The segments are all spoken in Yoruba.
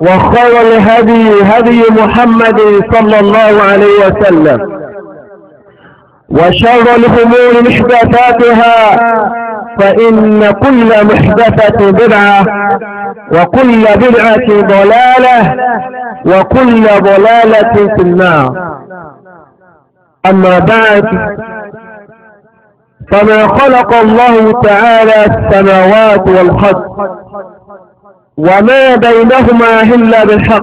وخير الهدي هدي محمد صلى الله عليه وسلم وشر الأمور محدثاتها فإن كل محدثة بدعة وكل بدعة ضلالة وكل ضلالة في النار أما بعد فما خلق الله تعالى السماوات والخط وما بينهما إلا بالحق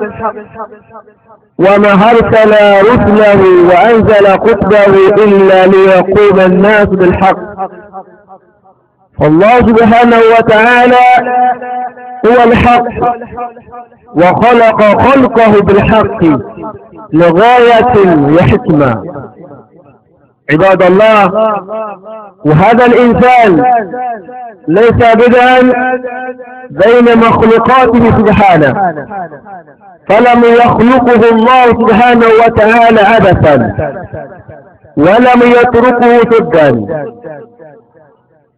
وما أرسل رسله وأنزل قطبه إلا ليقوم الناس بالحق فالله سبحانه وتعالى هو الحق وخلق خلقه بالحق لغاية وحكمة عباد الله وهذا الإنسان ليس بدعا بين مخلوقاته سبحانه فلم يخلقه الله سبحانه وتعالى عبثا ولم يتركه سدا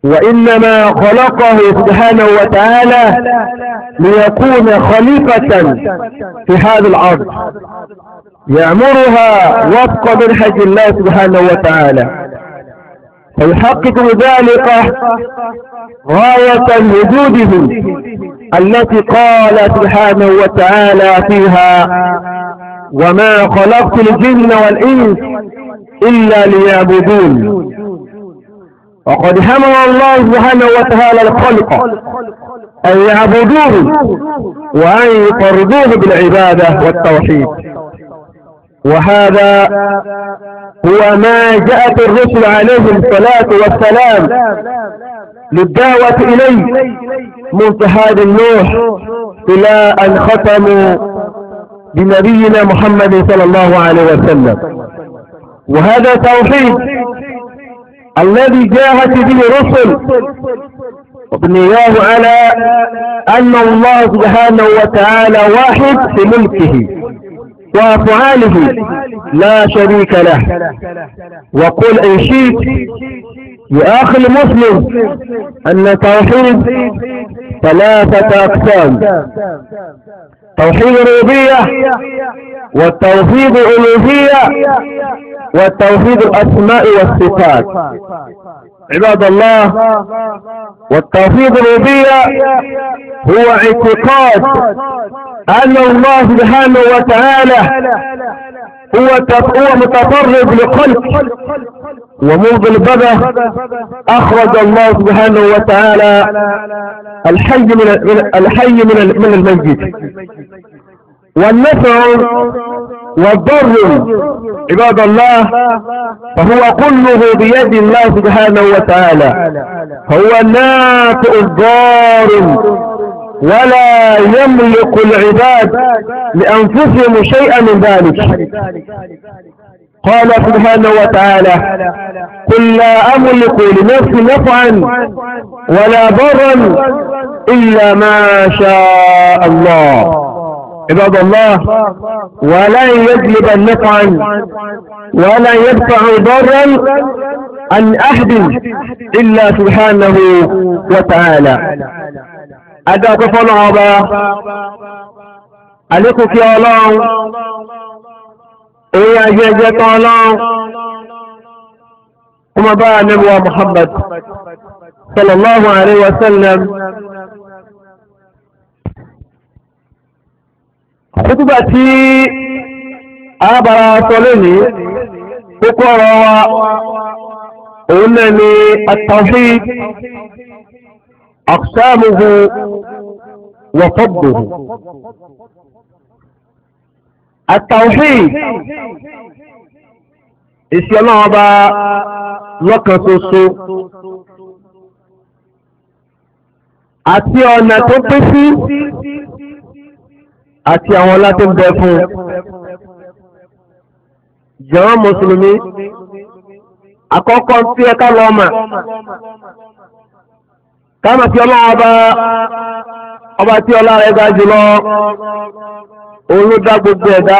وإنما خلقه سبحانه وتعالى ليكون خليفة في هذه الأرض يأمرها وفق منهج الله سبحانه وتعالى فيحقق ذلك غاية وجوده التي قال سبحانه وتعالى فيها وما خلقت الجن والإنس إلا ليعبدون وقد حمل الله سبحانه وتعالى الخلق أن يعبدوه وأن يطردوه بالعبادة والتوحيد وهذا هو ما جاءت الرسل عليهم الصلاة والسلام للدعوة إليه منتهاد النوح إلى أن ختموا بنبينا محمد صلى الله عليه وسلم وهذا توحيد الذي جاءت به الرسل وبنياه على أن الله سبحانه وتعالى واحد في ملكه وأفعاله لا شريك له وقل إن شئت يا أخي المسلم أن توحيد ثلاثة أقسام توحيد الربوبية والتوحيد الألوهية والتوحيد الأسماء والصفات عباد الله والتوفيق الربية هو اعتقاد ان الله سبحانه وتعالى هو هو متفرد لخلق ومنذ البدء اخرج الله سبحانه وتعالى الحي من الحي من الميت والنفع والضر عباد الله فهو كله بيد الله سبحانه وتعالى هو نافع الضار ولا يملك العباد لأنفسهم شيئا من ذلك قال سبحانه وتعالى قل لا أملك لنفسي نفعا ولا ضرا إلا ما شاء الله عباد الله ولا يجلب النفعا ولا يدفع ضرا عن أحد إلا سبحانه وتعالى ادا كفر عبا عليكم يا الله إيه أجيجة الله وما بقى نبوى محمد صلى الله عليه وسلم kútùbà tí arábára sọ lónìí kókó ọ̀rọ̀ wa òun náà ni at-tawhid aqsamuhu wa fadluhu at-tawhid ìṣe ọlọ́run àti ọ̀nà tó pín sí àti àwọn ọlá tí ń bẹ fún un jàmá mùsùlùmí àkọ́kọ́ tí ẹ ká lọ mà káàmà tí ọlọ́run ọba ọba tí ọlá rẹ̀ ga jùlọ òun ló dá gbogbo ẹ̀dá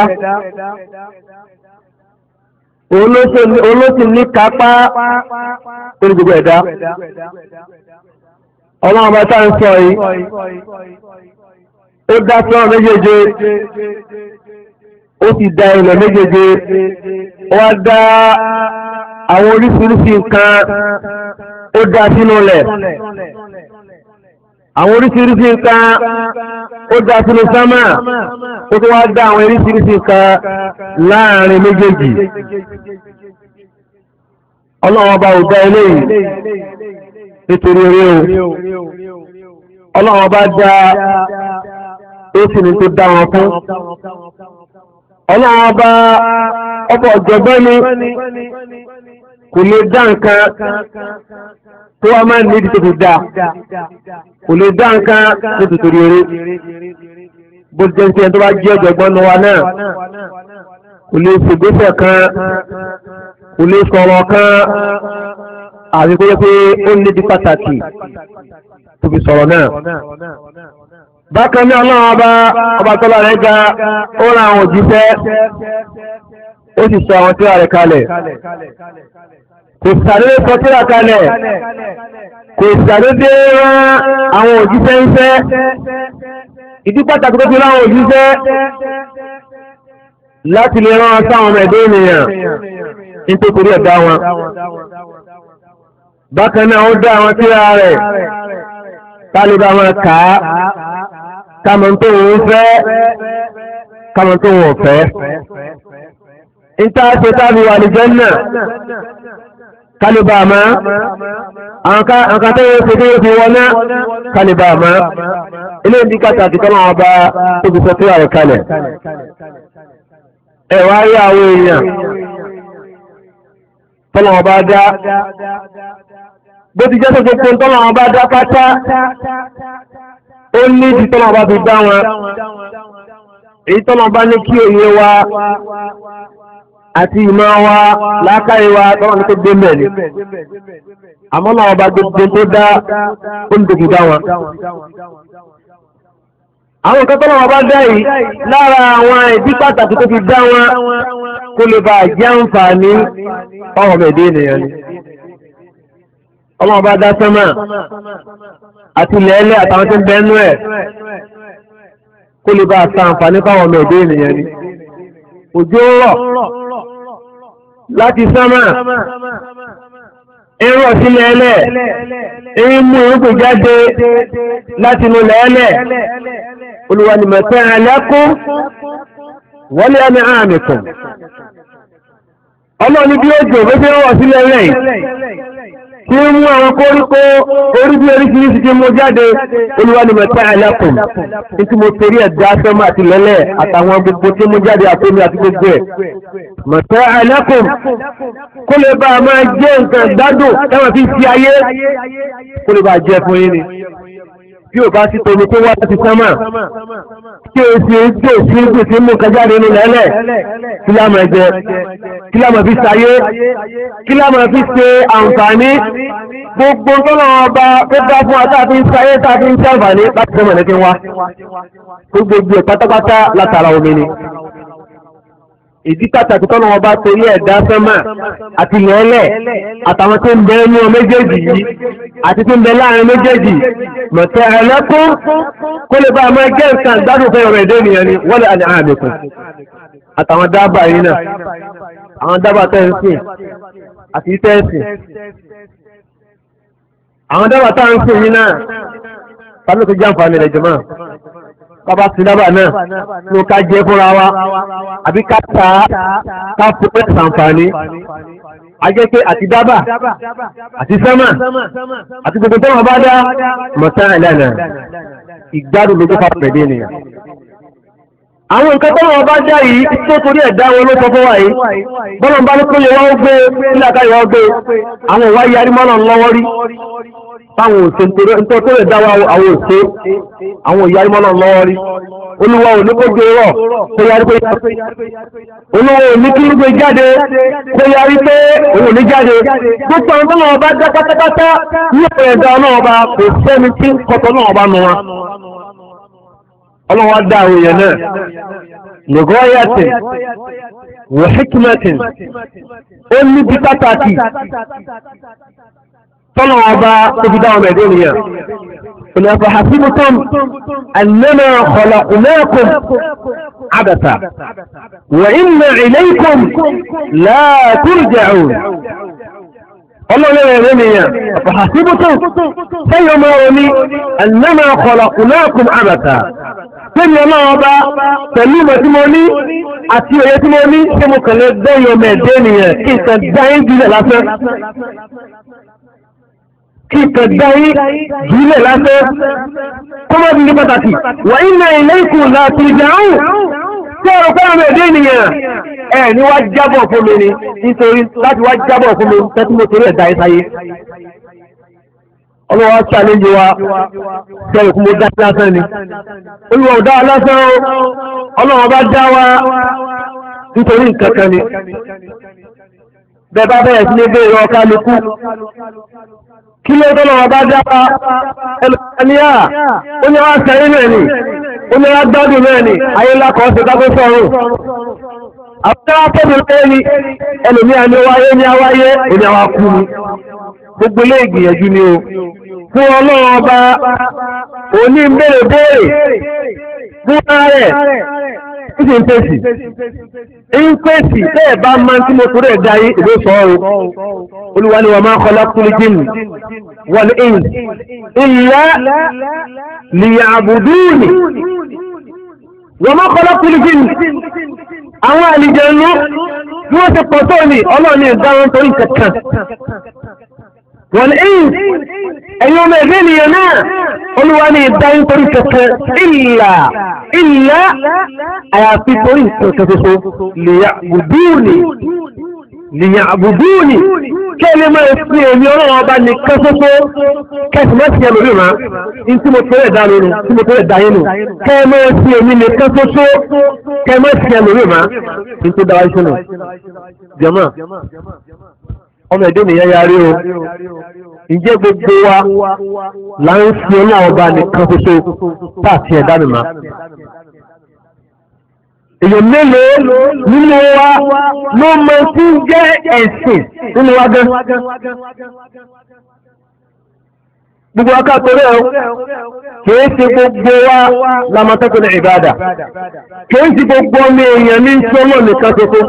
olóṣèlú ní kápá lórí ẹ̀dá ọlọ́run ọba ń sọ yìí. ó dá sọ́ọ̀ méjèèjì ó ti da ilẹ̀ méjèèjì wá dá àwọn oríṣiríṣi nǹkan ó dá sínú lẹ̀ àwọn oríṣiríṣi nǹkan ó dá sínú sámà ó tó wá dá àwọn oríṣiríṣi nǹkan láàrin méjèèjì ọlọ́run ọba ò dá eléyìí nítorí orí o ọlọ́run ọba dá ó sì ní tó wọn fún. ọlọ́run ọba ọbọ̀ ọ̀jọ̀gbọ́n ni kò lè dá nǹkan tó wá máa ń nídìí tó fi dá kò lè dá nǹkan tó tó torí eré bó ti jẹ́ kan kò lè sọ̀rọ̀ kan àti kó pé ó nídìí pàtàkì bákan ní ọlọ́run ọba ọba tọ́lá rẹ̀ ga ó ra àwọn òjíṣẹ́ ó sì sọ àwọn tírà rẹ̀ kalẹ̀ kò sàdédé sọ tírà kalẹ̀ kò sàdédé rán àwọn òjíṣẹ́ iṣẹ́ ìdí pàtàkì tó fi ráwọn òjíṣẹ́ láti lè rán sáwọn ọmọ ẹ̀dọ́ ènìyàn nítorí ẹ̀dá wọn bákan náà ó dá àwọn tírà rẹ̀ tálíbà wọn kàá kàmọ̀ tó wọ́n fẹ́ kàmọ̀ tó wọ́n fẹ́ ìta ṣe tábí wà ní jẹ́nà kálíbà máa àǹkà tó yóò fi tó yóò fi wọ́ná kálíbà máa ilé ìdí kàtàkì tó máa bá tóbi sọ tíwà rẹ̀ kalẹ̀ ẹ̀wà rí àwọn èèyàn tọ́lọ̀ ọba dá bó ti jẹ́ sọ́jọ́ pé tọ́lọ̀ ọba dá pátá ó ní ti tọ́lọ̀ bá fi dá wọn èyí tọ́lọ̀ bá ní kí òye wa àti ìmọ̀ wa láákàyè wa tọ́lọ̀ ní tó gbé mẹ́ ni àmọ́ làwọn bá gbogbo tó dá ó ní tòkì dá wọn. àwọn nǹkan tọ́lọ̀ bá dá yìí lára àwọn ìdí pàtàkì tó fi dá wọn kó lè bá jẹ́ àǹfààní ọmọ ẹ̀dẹ́ ni ọlọ́run bá dá sánmà àti ilẹ̀ẹ́lẹ̀ àtàwọn tí ń bẹ nú ẹ̀ kó lè bá a sa àǹfààní fáwọn ọmọ ẹ̀dẹ́ ènìyàn ni òjò rọ̀ láti sánmà ń rọ̀ sí ilẹ̀ẹ́lẹ̀ ń mú irúgbìn jáde láti inú ilẹ̀ẹ́lẹ̀ olùwànìmọ̀tẹ́ àlẹ́kùn wọlé ẹni àmì kan ọlọ́run bí ó jò bó ṣe ń rọ̀ sí ilẹ̀ẹ́lẹ̀ yìí tí ń mú àwọn kóríkó orí bí oríṣiríṣi tí mo jáde olúwanimọ̀tá alákùn tí mo torí ẹ̀dá sọ́mọ́ àti lẹ́lẹ̀ àtàwọn gbogbo tí mo jáde àtọ́mi àti gbogbo ẹ̀ mọ̀tá alákùn kó lè bá a máa jẹ́ nǹkan gbádùn táwọn fi fi ayé kó lè bá a jẹ fún yín ni bí ò bá sí tomi tó wá láti sánmà tí o ṣe tí o ṣe gbè tí mú kájá nínú lẹ́lẹ̀ kí lá máa jẹ kí lá máa fi ṣayé kí lá máa fi ṣe àǹfààní gbogbo tọ́nà ọba tó dá fún wa tá a fi ṣayé tá a fi ń ṣe àǹfààní láti sánmà lẹ́kẹ́ wá gbogbo ẹ̀ pátápátá látara omi ni ìdí pàtàkì tọ́nà wọn bá torí ẹ̀dá sánmà àti lẹ́ẹ̀lẹ̀ àtàwọn tó ń bẹ ní ọmọ méjèèjì yìí àti tó ń bẹ láàrin méjèèjì mọ̀tẹ́ ẹlẹ́kún kó lè bá ọmọ ẹgbẹ́ nǹkan gbádùn fẹ́ ọ̀rọ̀ ẹ̀dẹ́ ènìyàn ni wọ́n lè àlẹ́ àmì kan àtàwọn dábàá yìí náà àwọn dábàá tẹ́ ń sìn àti tẹ́ ń sìn àwọn dábàá tá ń sìn yìí náà tàbí kò jẹ́ àǹfààní rẹ̀ jọ̀mọ́ bàbá sinaba náà ló ká jẹ fúnra wa àbí ká tà á ká fún ẹ̀ sàǹfààní ajẹ́pẹ́ àti dábà àti sẹ́mà àti gbogbo tó wọn bá dá mọ̀tá ìlànà ìgbádùn lójú fàpẹ̀dé nìyà àwọn nǹkan tó wọn bá dá yìí tó torí ẹ̀dá wọn ló sọ fún bọ́lọ̀ ń bá ló kó yẹ wọ́n gbé nílàkà yẹ wọ́n gbé àwọn ìwà yarí mọ́nà rí táwọn òṣè nítorí nítorí tó lè dá àwọn òṣè àwọn ìyá ìmọ̀nà lọ́wọ́ rí olúwa ò ní kó gbé rọ̀ kó yarí pé olúwa ò ní kí ń gbé jáde ọba pátápátá ní ọ̀rọ̀ ọlọ́ọba kò sẹ́ni tí ń nù wọn ọlọ́wọ́ dá àwọn èèyàn náà طلعوا بقى تجدعوا مدينيا قل أفحسبتم أننا خلقناكم عبثا وإن إليكم لا ترجعون الله لا يرمي أفحسبتم سيما يمي أننا خلقناكم عبثا tẹ́lì ọlọ́ọba pẹ̀lú mọ̀tímọ́ní àti òye tí mo ní ṣe mo كيسا dẹ́yọ mẹ́ẹ̀dẹ́ nìyẹn kí kẹgbẹ́yí jùlẹ̀ lásẹ́ kọ́mọ̀ bí i pàtàkì wà iná ilé ikú láti ìdáhùn tí ọ̀rọ̀ pẹ́rọ èdè ènìyàn ẹ̀ ní wá jábọ̀ fún mi ni nítorí láti wá jábọ̀ fún mi tẹ́tí mo torí ẹ̀dá ìsáyé ọlọ́wọ́ ṣàlejò wa tẹ́rù kún mo dá lásán ni olùwọ̀ ọ̀dá lásán ọlọ́wọ́ bá dá wa nítorí nǹkan kan ni bẹ́ẹ̀ bá bẹ̀rẹ̀ sí ní bẹ́ẹ̀ yọ kálukú kí ló tọ́lọ̀ ọba dára ẹlùmọ́níà ó ní wá sẹ́yìn rẹ̀ ni ó ní wá gbádùn rẹ̀ ni ayé lákọ̀ọ́ sí àwọn ará tóbi rẹ̀ ni ẹlùmíà ni wáyé ní awáyé ó ní awá kú ni gbogbo ilé ìgbìyànjú ni o fún ọlọ́run ọba òní ń béèrè béèrè fún ara rẹ̀ ń sì ń fèsì ń fèsì bẹ́ẹ̀ bá máa ń tí mo torí ẹ̀ dá yín ìlú sọ̀rọ̀ Olúwa ni wa ma khalaqtul jinni wal insi illa liya'buduni wa ma khalaqtul jinni àwọn àlìjẹ̀nu bí wọ́n ti pọ̀ tó ní ọlọ́ọ̀ni ìdáwọn torí kankan wọ́n ẹ̀yìn ẹ̀yìn ọmọ ẹ̀gbẹ́ ènìyàn náà olúwa ní ìdáyín torí kẹkẹ ìlà ìlà àyàfi torí kẹkẹ soso lèyàbùdúùnì lèyàbùdúùnì kẹ́lẹ́ máa fi èmi ọlọ́run ọba nìkan soso kẹsì máa fi ẹlòmí máa ní tí mo tẹ́lẹ̀ dá lónìí tí mo tẹ́lẹ̀ dá nù kẹ́lẹ́ máa fi èmi nìkan soso kẹ́lẹ́ máa fi ẹlòmí máa ní tó dáwà iṣẹ́ ọmọ ẹ̀dẹ́ nìyẹn yarí o ǹjẹ́ gbogbo wa là ń fi ọlọ́run ọba nìkan ṣoṣo pàtí ẹ̀dá mìíràn èèyàn mélòó nínú wa ló mọ tí ń jẹ́ ẹ̀sìn nínú wa gan gbogbo aká torí ẹ̀ kìí ṣe gbogbo wa lamatẹ́kùnrin ìbáàdà kìí ṣe gbogbo ọmọ èèyàn ní sọ́mọ̀ nìkan ṣoṣo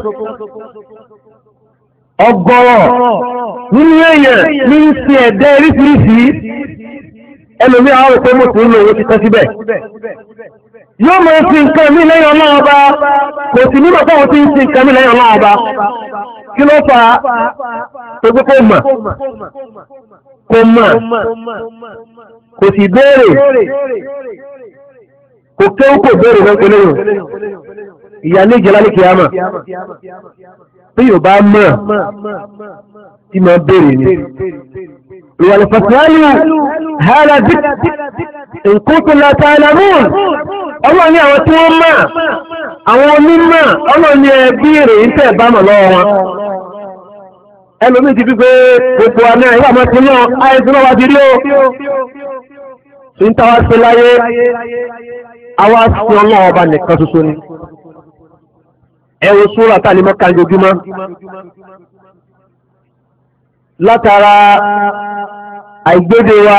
ọgọ́rọ̀ nínú èèyàn ní sí ẹ̀dẹ́ eríṣiríṣi ẹlòmí àwọn òpé mò tí ń lo owó ti tán síbẹ̀ yóò mọ̀ sí nǹkan mí lẹ́yìn ọlọ́run ọba kò sí nígbà táwọn tí ń sí nǹkan mí lẹ́yìn ọlọ́run ọba kí ló fa gbogbo kò mọ̀ kò mọ̀ kò sì béèrè kò kéwú kò béèrè lọ́pẹ́ lẹ́yìn ìyá ní ìjẹ́lá ní kìámà tí yóò bá mọ̀ tí máa béèrè ni. ìwàlẹ̀ fàtíhálù hàrà zik nǹkókò láta alamún ọlọ́ ní àwọn tí wọ́n mọ̀ àwọn onímọ̀ ọlọ́ ní ẹbí béèrè tẹ̀ bá mọ̀ lọ́wọ́ wọn ẹlòmí ti gbogbo àmì ti àìsàn náà wá rí o ń tàwa láyé àwa sí nìkan ni. ẹ wo súrà tá a lè mọ́ ká ojoojúmọ́ látara àìgbéde wa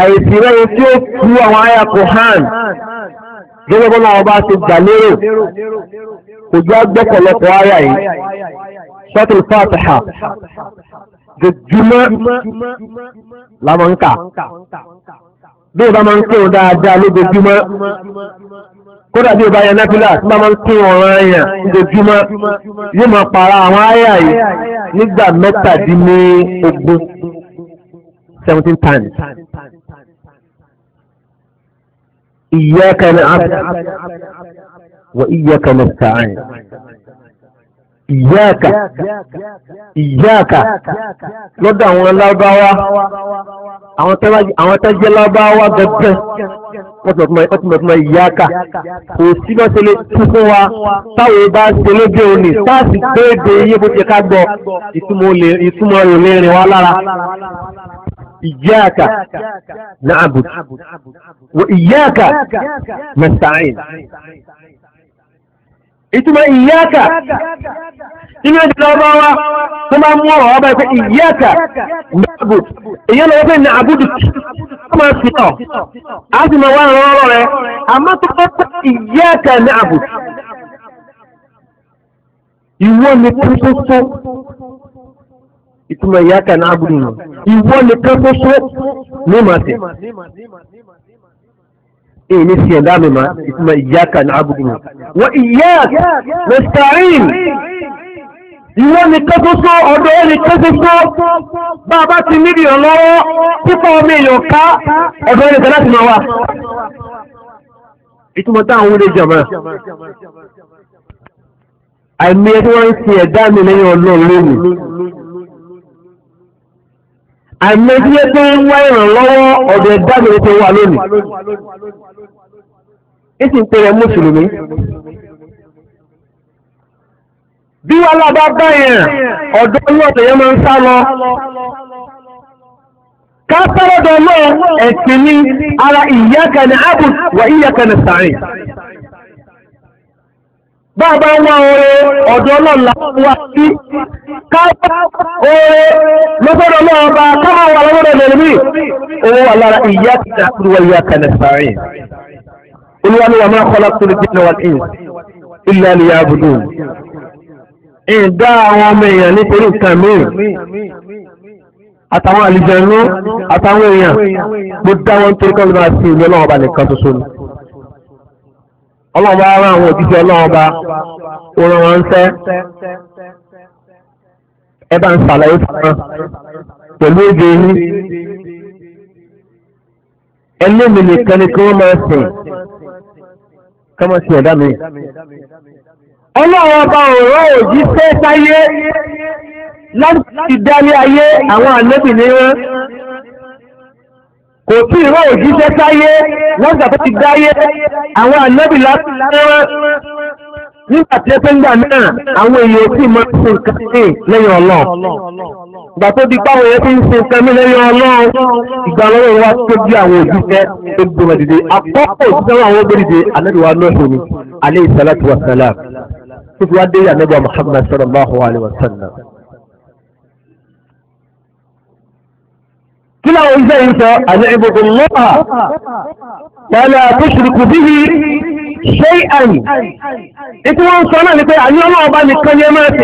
àìsírẹ́yìn tí ó kú àwọn àyà Qur'an gẹ́gẹ́ bọ́lá ọba ti gbà lérò kò jẹ́ gbẹ́kọ̀lọpọ̀ àyà yìí sọ́tìl fàtàhà jùmọ́ lámọ́ǹkà bí ìbá máa ń kírun dáadáa lójoojúmọ́ kódà bí o bá yẹ nẹ́fílà tí máa ń pín ọ̀ràn ẹ̀yàn lójúmọ́ yóò máa para àwọn àyà yìí nígbà mẹ́tàdínlógún seventeen times. إياك نعبد وإياك نستعين إياك إياك lọ́dọ̀ àwọn lárúbáwá àwọn tó jẹ́ lárúbáwá gẹ́gẹ́ wọ́n ti mọ̀ fún ìyá kà kò sí bá ṣe lè tú fún wa táwọn bá ṣe lóde òní sáàsì péde iye bó ti ká gbọ́ ìtumọ̀ rẹ̀ lè rìn wá lára. إياك نعبد وإياك نستعين ìtumọ̀ ìyáka inú ẹ̀dẹ̀ lọ́wọ́ wa tó máa mú ọ̀rọ̀ ọba ẹ̀fẹ́ ìyáka nàbùd èyí lọ́wọ́ pé nàbùd ọmọ sítọ̀ a sì máa wá ìrànlọ́wọ́ rẹ àmọ́ tó bá pẹ́ iyyaka na'budu ìwọ nìkan ṣoṣo ìtumọ̀ iyyaka na'budu nù ìwọ nìkan ṣoṣo ní màá tẹ̀ èyí ní sí ẹ̀dá mi máa ìtumọ̀ iyyaka na'budu nù wọ́n iyyaka nasta'in ìwọ nìkan ṣoṣo ọ̀dọ̀ ẹnìkan ṣoṣo bá a bá ti níbi ìrànlọ́wọ́ pípa ọmọ èèyàn ká ọ̀dọ̀ ẹnìkan láti máa wà. ìtumọ̀ táwọn wúlé jọ̀mọ́ àìmí ẹni wọ́n ń fi ẹ̀dá mi lẹ́yìn ọlọ́run lónìí àìmí ẹni yẹn tó ń wá ìrànlọ́wọ́ ọ̀dọ̀ ẹ̀dá mi ló ti wà lónìí. ìsìn pé ẹ mùsùlùmí. bí wà lábá báyẹn ọ̀dọ́ ní ọ̀tẹ̀ yẹn máa ń sá lọ kápẹ́rọ̀dọ̀ náà ẹ̀sìn ní ara wa iyyaka nasta'in bàbá wá oore ọ̀dọ̀ ọlọ́la wá sí káàkiri oore lọ́sọ̀dọ̀ náà bá káàmà wà lọ́wọ́dọ̀ lẹ́lẹ́mí owó wà lára ìyá kìtà àkúrúwà ìyá kẹlẹ̀ olúwa ni wà máa ìdá àwọn ọmọ èèyàn nítorí nǹkan míì àtàwọn àlìjẹ̀nú àtàwọn èèyàn mo dá wọn torí kọ́ ló máa fi ìlú ọlọ́wọ́ba nìkan ṣoṣo ni ọlọ́wọ́ba ara àwọn òjíṣẹ́ ọlọ́wọ́ba òran wọn ń fẹ́ ẹ bá ń ṣàlàyé fún pẹ̀lú èdè yín ẹlẹ́mìí nìkan ni kí wọ́n máa sìn kí wọ́n máa sìn ẹ̀dá mi ọlọ́wọ́ bá ọ̀rọ̀ òjí tẹ́ sáyé láti dálé ayé àwọn ànábì ní wọn kò tí ìrọ̀ òjí tẹ́ sáyé lọ́gbà tó ti dáyé àwọn ànábì láti wọn nígbà tí ó pé ńgbà náà àwọn èèyàn sì máa ń sin nǹkan sí lẹ́yìn ọlọ́ọ̀ ìgbà tó di páwọn èèyàn fi ń sin nǹkan mi lẹ́yìn ọlọ́ọ̀ ìgbà lọ́wọ́ wa tó di àwọn òjíṣẹ́ tó gbọmọ dìde òjíṣẹ́ wọn àwọn ògbé dìde alẹ́ ìwà náà ṣe ni alẹ́ ìsàlátì wa sàlám tó fi wá dé ànábì Muhammad sallallahu alayhi wa sallam. kí láwọn iṣẹ́ yìí sọ àní ìbùkún lọ́pàá wala tushriku bihi shay'an ìtí wọ́n sọ náà ni pé àní ọlọ́ọ̀bá nìkan ni ẹ máa tè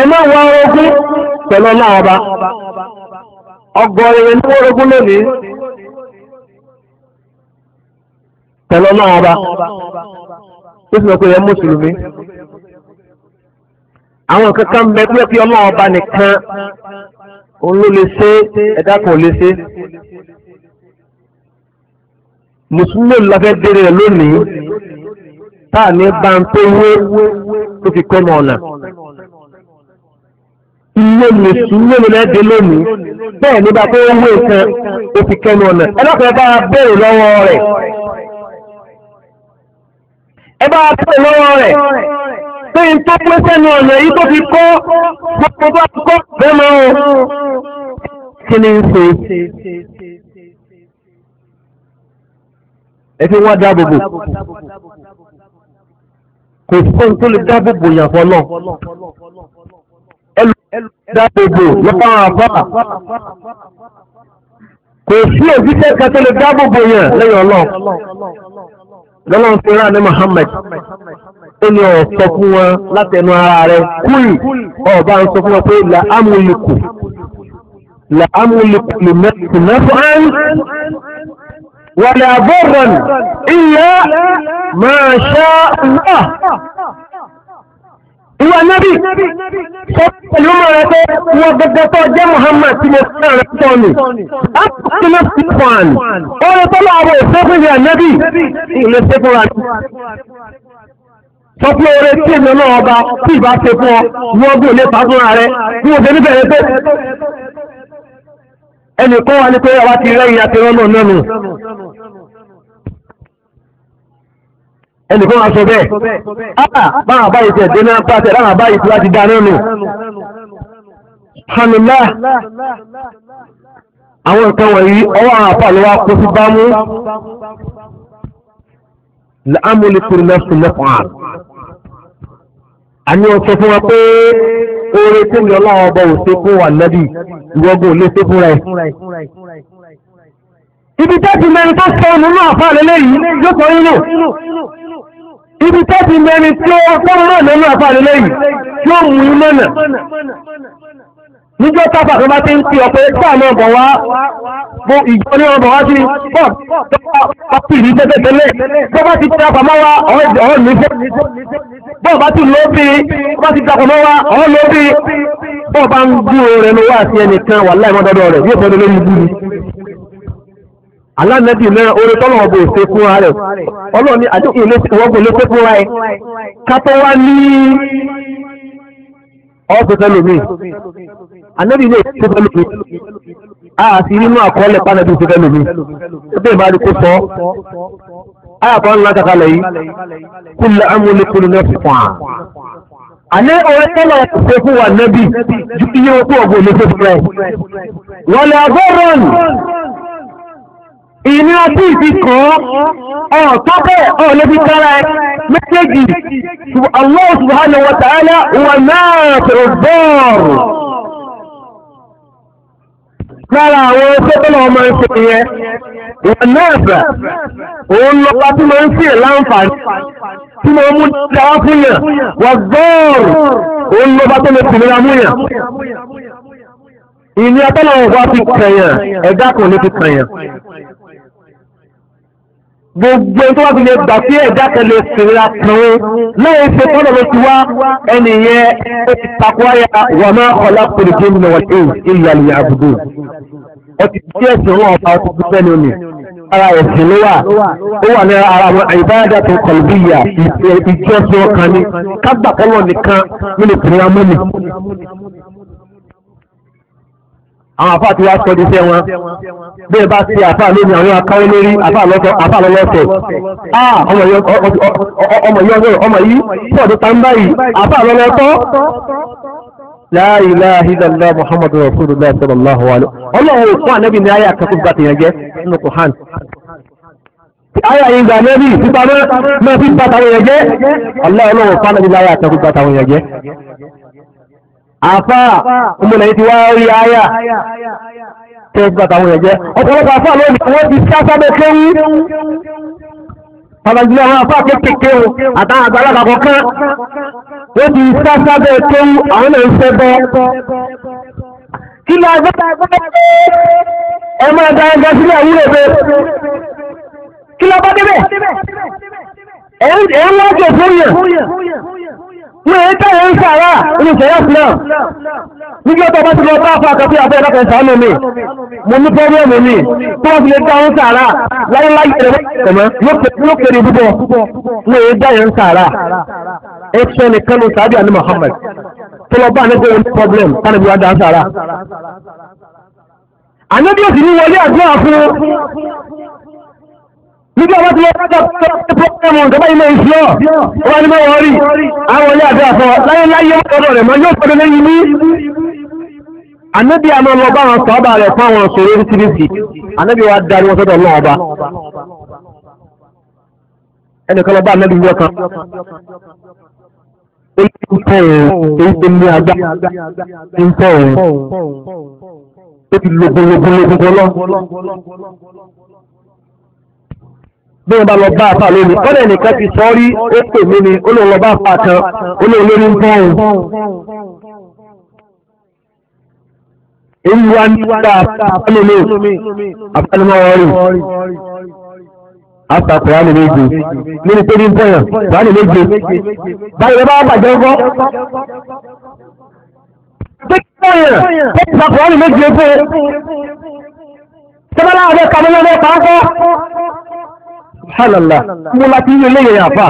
ẹ máa wá orogún pẹ̀lú ọlọ́ọ̀bá ọgọ́rin ní orogún lónìí pẹ̀lú ọlọ́ọ̀bá ó sì lọ pé ẹ mùsùlùmí àwọn kankan mẹ pé pé ọlọ́run ọba nìkan òun ló lè ṣe ẹ̀dá kan ò lè ṣe mùsùlùmí ló fẹ́ bèrè rẹ̀ lónìí tá à ní bá ń tó wé tó fi kọ́ ọmọ ọ̀nà ilé mùsùlùmí ló lẹ́dẹ̀ lónìí bẹ́ẹ̀ nígbà tó ń wé nǹkan tó fi kọ́ ọmọ ọ̀nà ẹlọ́pàá bá bèrè lọ́wọ́ rẹ̀ ẹ bá bèrè lọ́wọ́ rẹ̀ pé in tó pé sẹ́nu ọ̀nà yìí tó fi kọ́ gbogbo bá kọ́ bẹ́ẹ̀ o kí ni ń ṣe ẹ fi wọ́n dáàbò bò kò fóun tó lè dáàbò bò yàn fọlọ́ dáàbòbò lọ́pàá àbá kò sí òjíṣẹ́ kan tó lè dáàbòbò yẹn lẹ́yìn ọlọ́run lọ́lọ́run fi rán ní Muhammad ó ní ọ̀ sọ fún wọn látẹnu ara rẹ̀ kúlì ọba ń sọ fún wọn pé là ámúlikù là ámúlikù lè mẹ́fọ́ án wà lè àbọ̀rọ̀n ìyá máa ṣá wà. Ìwà nábì sọ pẹ̀lú ọmọ rẹ̀ pé wọ́n gẹ́gẹ́ tó jẹ́ Muhammad tí mo fẹ́ rẹ̀ tọ́ ni. A kò tí mo fi Ó lè tọ́lọ́ àwọn òṣèlú ìrìn ànábì. Ìlú ṣe fún wa sọ pé oore tí èmi náà ọba tí ìbá ṣe fún ọ wọ́n gùn lè fà fúnra rẹ bí mo ṣe níbẹ̀ rẹ pé ẹnì kan wà ní pé àwa ti rẹ́yìn àti rán náà nánú ẹnì kan wà sọ bẹ́ẹ̀ báwọn àbáyé ti ẹ̀dẹ́ náà pàṣẹ láwọn àbáyé ti láti dá nánú hanilá àwọn nǹkan wọ̀nyí ọwọ́ àwọn àpá ló wá kó sí bámú láàmúlẹ̀ kúrò náà sùn lẹ́kọ̀ọ́ àrùn àní ọ̀sẹ̀ fún wa pé oore tí mi ọlọ́run ọba ò ṣe fún wa lẹ́bí ìwọ́gbọ̀n lè ṣe fún rẹ̀. ibi tẹ́tì mẹ́rin tó sọ nínú àfáàlẹ́ lẹ́yìn yóò sọ nínú ibi tẹ́tì mẹ́rin tí ó sọ nínú àfáàlẹ́ lẹ́yìn yóò mú iná náà níjọ́ tápà tó bá ti ń pí ọ̀pẹ́ sáàmù ọ̀bọ̀ wá bó ìjọ ní ọ̀bọ̀ wá sí pọ̀ tó ti rí tẹ́tẹ́tẹ́lẹ̀ tó bá ti tapà mọ́ wa ọ̀hún nífẹ́ bó bá ti ló bí bá ti tapà mọ́ wa ọ̀hún ló bí bó bá ń gbú rẹ̀ ló wá sí ẹnìkan wà láì mọ́dọ́dọ́ rẹ̀ yóò fẹ́ lórí ibú ni. Alánàbì náà orí tọ́lọ̀ ọ̀bọ̀ òṣè fún wa rẹ̀. Ọlọ́run ni àdókùn ilé ìwọ́gbọ̀n ló pé fún wa ẹ̀. Ká wá ní ọ́sọ̀tẹ́lómi ànábì ilé tó fẹ́ lómi a sì nínú àkọọ́lẹ̀ pánàbí tó fẹ́ lómi ó bẹ́ẹ̀ bá rí kó sọ àyàkọ́ ńlá kàkàlẹ̀ yìí kullu amúlé kullu náà fi fún a. àní orí tọ́lọ̀ ṣe fún wa nẹ́bí ju iye okú ọ̀gbọ̀n lè ṣe fún rẹ̀ wọ́n lè àgọ́rọ̀n ìní ọdí ìfi kan ọ̀tọ́ bẹ́ẹ̀ ọ̀lẹ́bí kára ẹ méjèèjì Allah subhanahu wa ta'ala wà náà tó bọ́ọ̀rù lára àwọn ṣẹ́tọ́lọ̀ ọmọ ń ṣe yẹn wọ́n náà fẹ́ òun lọ bá tí mo ń ṣe láǹfààní tí mo mú dáwà fún yàn wọ́n gbọ́ọ̀rù òun lọ bá tó lè tì nira mú yàn ìní atọ́lọ̀ ọ̀gbọ́n fi kẹ̀yàn ẹ̀dá kò ní fi kẹ̀yàn gbogbo ẹni tó wá fi lè gbà sí ẹ̀dá kan lè sèrè àtúnwé lẹ́yìn ṣe tọ́lọ̀ ló ti wá ẹni yẹn ó ti takò àyà wà máa ọ̀la pèrèké mi wà ní ìlú àlùyà àbùdó ọtí tí ẹ̀sìn wọn ọ̀fà ọtí tó fẹ́ lónìí ara ẹ̀sìn ló wà ó wà ní ara àwọn àyíbáyàdà tó kọ̀ bí ìyà ìjọsìn ọkàn ni kágbà kọ́lọ̀ nìkan nínú ìpínlẹ̀ amúnì àwọn àfáà ti wá sọ di iṣẹ́ wọn bí ẹ bá ti àfáà lónìí àwọn akáwé lórí àfáà lọ́lọ́sẹ̀ ah, ọmọ yìí ọjọ́ ọmọ yìí tí ọdún tá báyìí àfáà lọ́lọ́tọ́ la ilaha illallah muhammadu rasulullah sallallahu alaihi ọlọ́run fún ànábì ní ayé àkàkùn bá tèèyàn jẹ́ nínú kùhán ayé ìgbà bá tàwọn jẹ́ ọlọ́run fún ní ayé bá tàwọn jẹ́ àfá ọmọlẹ̀ ti wá rí ayá tẹ́gbàtàwọn ẹ̀jẹ́ ọ̀pọ̀lọpọ̀ àfá lónìí wọ́n ti sásábẹ́ kéwú pàtàkìlẹ̀ àwọn àfá kékèké àtàwọn àgbàlagbà kọ̀ọ̀kan wọ́n ti sásábẹ́ kéwú àwọn náà ń fẹ́ bọ́ kí lọ agbẹ́gbẹ́ ẹ máa da ẹgbẹ́ sílẹ̀ wúlò bẹ́ kí lọ bá débẹ̀ ẹ̀ ń wọ́n jẹ́ fún yẹn wọ́n èyí tẹ́ ń sàárà inú ìṣẹ̀yà sílẹ̀ nígbí ọ̀tọ̀ bá ti lọ bá fà kàfí àfẹ́ ẹ̀lọ́kẹ̀ sàánù mi mo ní pọ́blẹ́mù mi tó wọ́n fi lè dáhùn sàárà láyéláyé rẹ̀ tẹ̀mọ́ yóò pèrè púpọ̀ wọ́n èyí tẹ́ ń sàárà ẹ̀ṣẹ́ nìkan ló sàábì àní Muhammad tó lọ bá nígbà wọn ní pọ́blẹ́mù tánà bí wọ́n dá sàárà. àníbi òsì ní wọlé àdúrà fún níbi àwọn tí wọ́n rájà pọ́pọ́pọ́pọ́ ìjọba ilé iṣẹ́ ọ̀ wọ́n ní mẹ́wọ́n rí àwọn ilé àti àfọ́ láyé láyé ọ̀rọ̀ rẹ̀ mọ́ yóò sọ́dọ̀ lẹ́yìn ní anábì àmọ́ lọ bá wọn sọ́ọ́bà rẹ̀ fún àwọn sòrò oríṣiríṣi anábì wa darí wọn sọ́dọ̀ náà ọba ẹnìkan lọ bá anábì wọ́n kan ó ní ń tọ́ òun èyí tó ní agbá ń tọ́ òun ó ti lógún lógún lógún lọ́ bí wọ́n bá lọ bá àfà lónìí wọ́n lẹ́nu kan ti sọ rí ó pè mí ni ó lóun lọ bá àfà kan ó lóun lórí ń bọ́ òun. èyí wá ní wá àfàlélò àfàlélò rí àfà kùránì méje nínú pé ní bọ́yàn kùránì méje báyìí bá bàjẹ́ ọgọ́. pé kí bọ́yàn pé kùránì méje fún un. sọ́kọ́lá àbẹ́ kàmúlẹ́ mẹ́ta ń kọ́ subhanallah mo láti rí eléyè àfà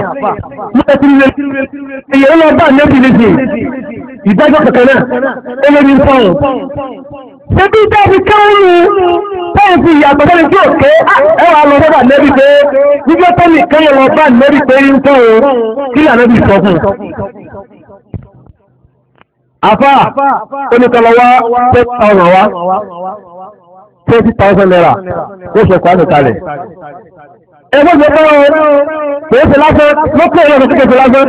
mo láti rí eléyè ah, lọ bá nẹ́bí nìsín ìdájọ́ kẹ̀kẹ́ náà eléyè ń fọ́n. ṣébí dábì káwọ́nù táwọn fi ìyàgbọ́ sọ́ni tí òkè ẹ wà lọ bá nẹ́bí pé nígbà tó nìkan yẹn lọ bá nẹ́bí pé ń fọ́n o kí lànà bí sọ fún un. àfà oníkàlọ́wà pé ọ̀ràn wa twenty thousand ó ṣe kọ́ ẹgbẹ́ ìjọba kò ṣe lásán lókè ẹ̀rọ kò ṣe lásán.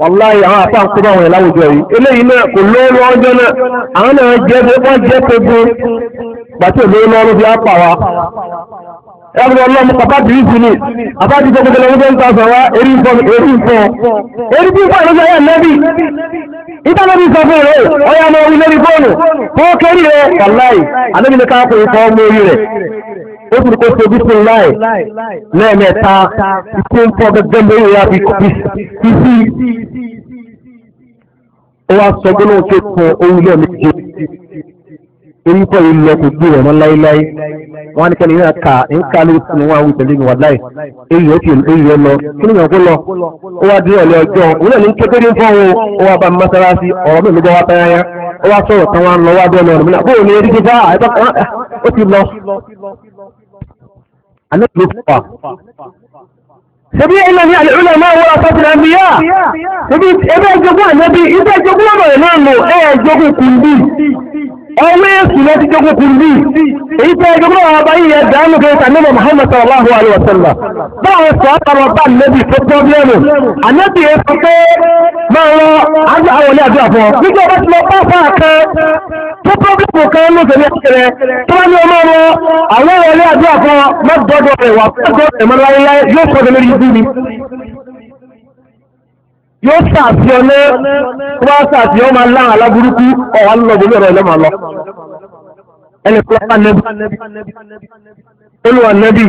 wàláyé àwọn àpá ń kóbá àwọn ẹ̀ láwùjọ yìí eléyìí náà kò lówó ọjọ́ náà àwọn náà jẹ́ pé wọ́n jẹ́ pé bó gbàtí òlówó lọ́wọ́ ló fi á pa wa. ẹgbẹ́ ọlọ́mú bàbá bìrì sí ni bàbá ti sọ gbogbo lọ́wọ́ tó ń ta sọ̀rọ̀ erí nǹkan erí nǹkan erí nǹkan ìlú ìtàlẹ́bí sọ fún rẹ̀ ọya mọ́ orí lórí fóònù tó kérí rẹ̀ wàláì àdébìnrin káàkó ikọ̀ ọmọ orí rẹ̀ ó sì kó ṣe bí fún láì lẹ́ẹ̀mẹ́ta ìkó ń pọ̀ gẹ́gẹ́ lórí rẹ̀ àfi sí ó wá sọ gbóná tó kọ orí lọ́ọ̀ méjì orí pọ̀ yìí lọ kò gbé rẹ̀ mọ́ láíláí wọ́n á ní kẹ́ni náà kà ń ká ló sùn wọ́n àwọn ìtẹ̀lé ìwà láì èyí ó ti èyí ó lọ kí ni ìyànkó lọ ó wá di ọ̀lẹ́ ọjọ́ òun náà ní kékeré fún òun ó wá bá mọ́sálásí ọ̀rọ̀ mi lójọ́ wá tayáyá ó wá sọ̀rọ̀ tán wá ń lọ wá bẹ́ẹ̀ lọ́rùn mi náà bóun ni eré ti bá ó ti lọ. Ṣebí ilẹ̀ ní àlùlọ máa wọ́n afẹ́sìn àmìyà. Ṣebí ẹgbẹ́ ìjogún àjẹbí, ìgbẹ́ ìjogún ọ̀rọ̀ ìlú ìlú ẹ̀ẹ́dẹ́gbẹ̀kùn bíi ọwọ́ èsì lọ ti jogún kùn bí èyí tẹ́ ẹgbẹ́ bọ́ ọba yìí ẹ̀ dánú kí ẹ̀ka nílò Muhammad sallallahu alaihi wa sallam báwọn sọ ọ́tàrọ̀ bá nẹ́bì tó pọ́blẹ́mù ànẹ́bì yẹn sọ pé máa lọ ájá àwọn ilé àdúrà fún ọ nígbà bá ti lọ bá fà kan tó pọ́blẹ́mù kan ló tẹ̀lé ẹ̀kẹ́rẹ́ tó bá ní ọmọ lọ àwọn ilé àdúrà fún ọ má rẹ̀ wà fún ọdọ̀ rẹ̀ mọ́ yóò sàfihàn ọlẹ́ tó bá sàfihàn ọmọ aláhàn aláburúkú ọ̀wà ń lọ bóbi ọ̀rọ̀ ẹlẹ́mà lọ. ẹni tó bá nẹ́bí olúwa nẹ́bí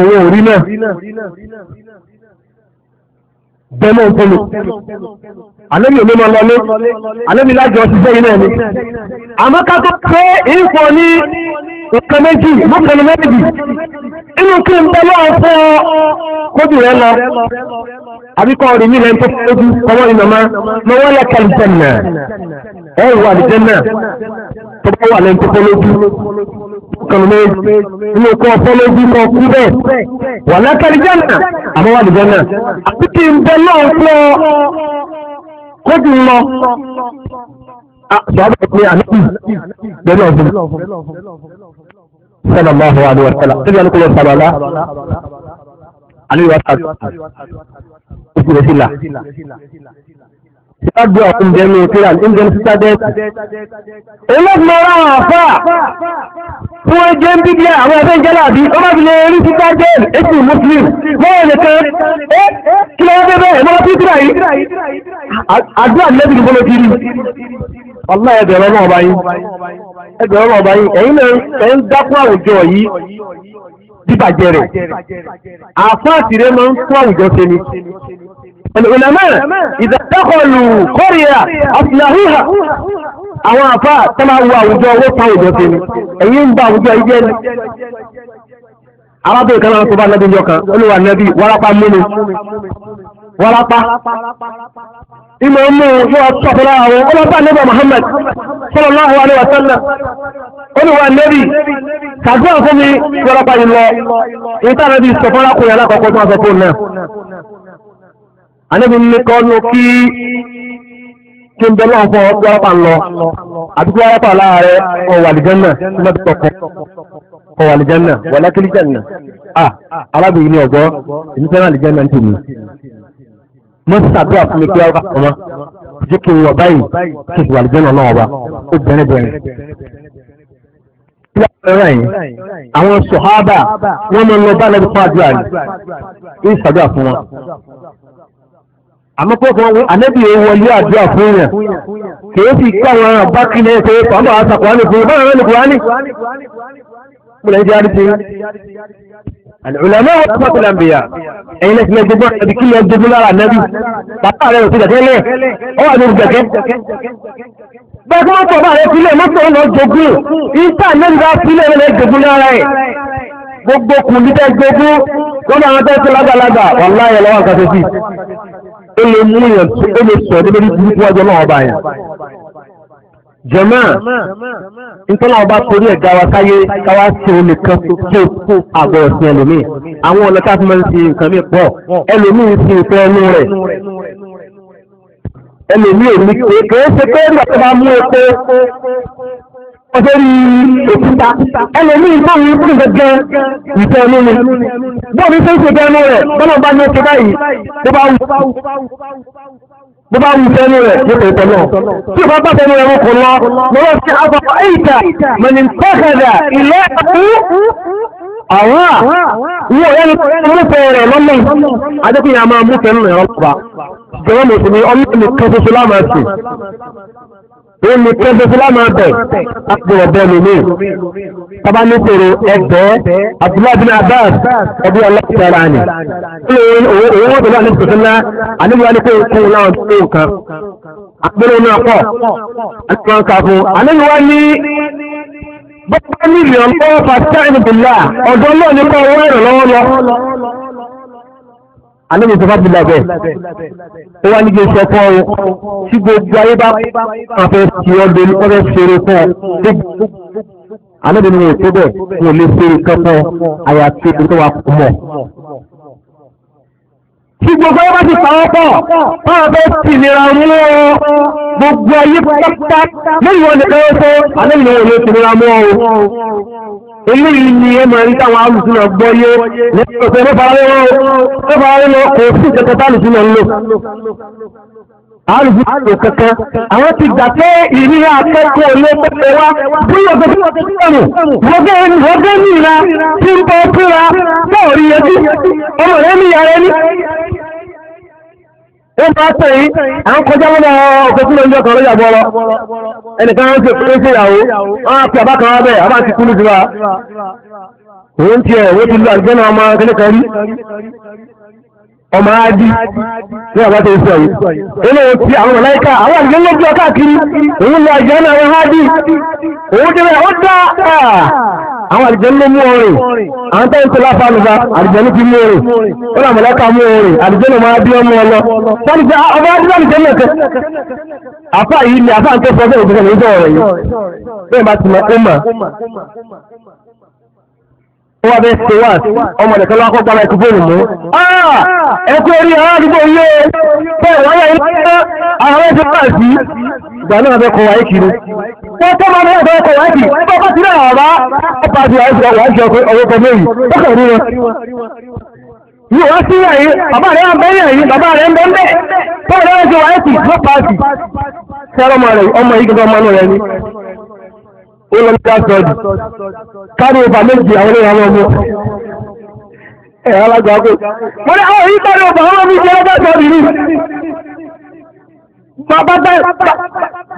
owó orí náà bẹ́ẹ̀ ń polo alẹ́mi òní máa lọlé alẹ́mi lájọ ṣiṣẹ́ yìí náà ni àmọ́ ká tó pé ìfọ̀ ní nǹkan méjì mọ́kànlá méjì inú kí n bẹ́ lọ́wọ́ fún ọ kójú rẹ lọ àbíkọ́ rí mi lẹ́nu tó fojú kọ́mọ́ ìnà máa mọ wọ́n lẹ́ kàlùjẹ̀nà ẹ wà àlùjẹ̀nà tó bá wà lẹ́nu tó fọ́ lójú mọ́kànlá méjì inú kọ́ fọ́ lójú kọ́ kú bẹ́ẹ̀ wà lẹ́ kàlùjẹ̀nà àmọ́ wà àlùjẹ̀nà àbí kí n bẹ́ lọ́wọ́ fún ọ kójú lọ sọ́ọ́bà pé ànábì bẹ́ẹ̀ lọ́ọ̀fún sallallahu alaihi wa sallam ṣé ìyàlú kò lọ sàbàlá àníwá sàbàlá ó sì rẹ̀ sí là ìbájú àkúndẹ̀ ní òkèrà ìjẹun títà dẹ́ẹ̀tì. olóògùn ọ̀rọ̀ àwọn àfà tí wọ́n jẹ́ ń bíbí àwọn ẹgbẹ́ ìjẹ́lá àbí ó bá bilẹ̀ rí títà dẹ́ẹ̀tì èsì muslim mọ́wọ́ nìkan kí lọ́wọ́ bẹ́ẹ̀ bẹ́ẹ̀ mọ́wọ́ títà yìí àdúrà lẹ́bí ní bọ́lọ́ kiri. ọlá ẹgbẹ̀rún ọmọ ọba yín ẹgbẹ̀rún ọmọ ọba yín ẹ̀yin náà ń dákún àwùjọ yìí bíbàjẹ́ rẹ̀ àfáàtì rẹ̀ máa ń tún àwùjọ ṣe ni العلماء إذا دخلوا قرية أصلحوها àwọn àfá tọ́lá wo àwùjọ owó pa òjò sí ni èyí ń bá àwùjọ ayé ni arábìnrin kan náà tó kan olúwa nẹ́bí wárápá múni wárápá ìmọ̀ mú fún ọ̀tọ̀ lára anábì ní kọ́ ní kí kí n bẹ́lọ́ fún ọ wárápà ń lọ àbí kí wárápà láàárẹ̀ ọ̀wà àlìjẹ́nà tí wọ́n ti tọ̀kọ̀ ọ̀wà àlìjẹ́nà wà lákìlì jẹ́nà à alábìyí ní ọ̀gbọ́ èmi fẹ́ràn àlìjẹ́nà ń tèmi mo ń ṣàdúrà fún mi pé ọ̀gá ọmọ jẹ́ kí n wọ̀ báyìí kí n wà àlìjẹ́nà náà wà ó bẹ̀rẹ̀ bẹ̀rẹ̀ ẹ̀rẹ́yìn àwọn sọ̀hábà wọ́n mọ̀ lọ bá ní ìṣàdúrà àmọ́ pé kò wọ́n anẹ́bí yóò wọlé àdúrà fún yàn kìí sì káwọn abákilẹ̀ ṣe pàmò àṣàkùnrin fún báwọn ọ̀rẹ́ nìkùnrin múlẹ̀ jẹ́ àríṣe alùlámọ́ wọn tó tọ́lá ń bèèyà ẹ̀yin lẹ́sìn lẹ́sìn gbọ́ ẹ̀bí kí lẹ́sìn gbọ́ lára anẹ́bí bàbá rẹ̀ ò sí gẹ̀gẹ́ lẹ̀ ọ wà lórí gẹ̀gẹ́ bẹ́ẹ̀ kí wọ́n tọ̀ ó lè mú èèyàn tí ó lè sọ ní lórí burúkú ọjọ́ náà ọba yẹn. jẹ̀mọ́ nítorí ọba torí ẹ̀ ga wa sáyé káwá sí omi kan tí kó àgọ́ ọ̀sìn ẹlòmíì àwọn ọ̀nà tá a fi máa ń fi nǹkan mi pọ̀ ẹlòmíì fi ìfẹ́ ẹnu rẹ̀ ẹlòmíì ò ní kéèké ṣe pé nígbà tó bá mú epo ọjọ́rí òkúta ẹlòmí ìfọ̀hún fún gẹ́gẹ́ ìfẹ́ olómi bọ́ọ̀lù tó ń ṣe gẹ́nu rẹ̀ bọ́ọ̀lù bá ní ọkọ̀ báyìí tó bá wù bó bá wù fẹ́nu rẹ̀ ní tòótọ́ náà tí ìfọ̀ bá fẹ́nu rẹ̀ mú kò lọ mo lọ sí afọ ẹ̀yìtà mẹ́ni kọ́kẹ́dà ilé ẹ̀kú àwọn ìwọ ọ̀rẹ́ ni múfẹ́ rẹ̀ lọ́nà adékùnyà máa múfẹ́ nù rẹ̀ ọlọ́pàá jọ̀wọ́ mi sì ni ọlọ́pàá mi kẹ́ ó ní pẹ́ẹ́bẹ́ fúlàmù ọbẹ̀ àpò ọbẹ̀ lómi bàbá ní kòrò ẹgbẹ́ Abdullahi bin Abbas ẹbí ọlọ́pàá ni òun wọ́n tẹ̀lé àníbi tuntun náà àníbi wọn ni pé kí wọn láwọn tó nǹkan àpérò náà pọ̀ àti wọn kà fún àníbi ní bọ́pá mílíọ̀nù kọ́ fàtí àìbìlá ọ̀dọ́ náà ní kọ́ wọ́n ìrànlọ́wọ́ lọ alẹ́ ìjọba ti làbẹ̀ ó wá nígbè sọ fún ọ tí gbogbo ayé bá kàfẹ́ tí ọ lè lọ́rẹ́ ṣeré fún ọ alẹ́ ìdí ni wọ́n tó bẹ̀ wọ́n lè ṣeré kan fún àyàfi tó wà kú mọ̀. tí gbogbo ayé bá ti pàwọ́ pọ̀ báwa bẹ́ sì nira mú ọ gbogbo ayé pátá lẹ́yìn wọn lè kẹ́wọ́ fún alẹ́ ìdí ni wọ́n lè sì nira mú ọ eléyìí ni ẹ máa rí táwọn alùsùnà gbọ́yé lẹ́pẹ̀ẹ́ ló fara wọ́n ló fara wọ́n kò sí kẹta tálùsùnà ń lò alùsùnà lò kankan àwọn ti gbà pé ìrírí akẹ́kọ̀ọ́ ló pẹ̀lẹ́ wá fún ọ̀dọ̀ fún ọ̀dọ̀ sọ̀rọ̀ wọ́gẹ́ nìra tí ń bọ́ fúnra bọ́ọ̀rí ẹbí ọmọ rẹ̀ ní ìyá rẹ̀ wọ́n máa pè yí à ń kọjá lọ́nà ọkọ̀ tí lóun jẹ́ kan lọ́jà bọ́ọ̀rọ̀ ń ṣe pé ṣe ìyàwó wọ́n á pè àbá wá bẹ́ẹ̀ àbá ti kúlù wọ́n ti lu àgbẹ̀nà ọmọ akẹ́lẹ́ kan rí ọmọ adi ní tó ń sọ yìí ti àwọn àwọn àgbẹ̀ káàkiri òun àwọn àlìjẹ́lé mú orin àwọn tó ń tó láfa nùfà àlìjẹ́lé ti mú orin ó là mọ̀lẹ́ka mú orin àlìjẹ́lé máa bí ọmọ ọlọ sọ́ni pé ọba adúlá àlìjẹ́lé ẹ̀kẹ́ àfa yìí ni àfa nǹkan sọ́sẹ́ òṣìṣẹ́ ní ìjọ rẹ̀ yìí bẹ́ẹ̀ bá ti mọ ọmọ ó wà bẹ́ẹ̀ ṣe wá ọmọ rẹ̀ kọ́lá kọ́ gbára ẹ̀kúfóònù mú ẹ̀kú eré àwọn àdúgbò yìí bẹ́ẹ̀ wáyà yìí ìgbà náà fẹ́ kọ wáyé kiri wọ́n tó máa náà fẹ́ kọ wáyé kiri tó bá ti náà bá ọba àti àwọn ìṣòro wáyé kiri ọwọ́ kan méjì ó rí wọn. yìí sí bàbá ń bàbá ń ń wáyé kiri ló rẹ̀ ọmọ yìí ọmọ ni ó lọ nígbà kárí ọba méjì àwọn ọmọ ẹ̀ mo ní àwọn yìí kárí ọba ọmọ mi jẹ́ bàbá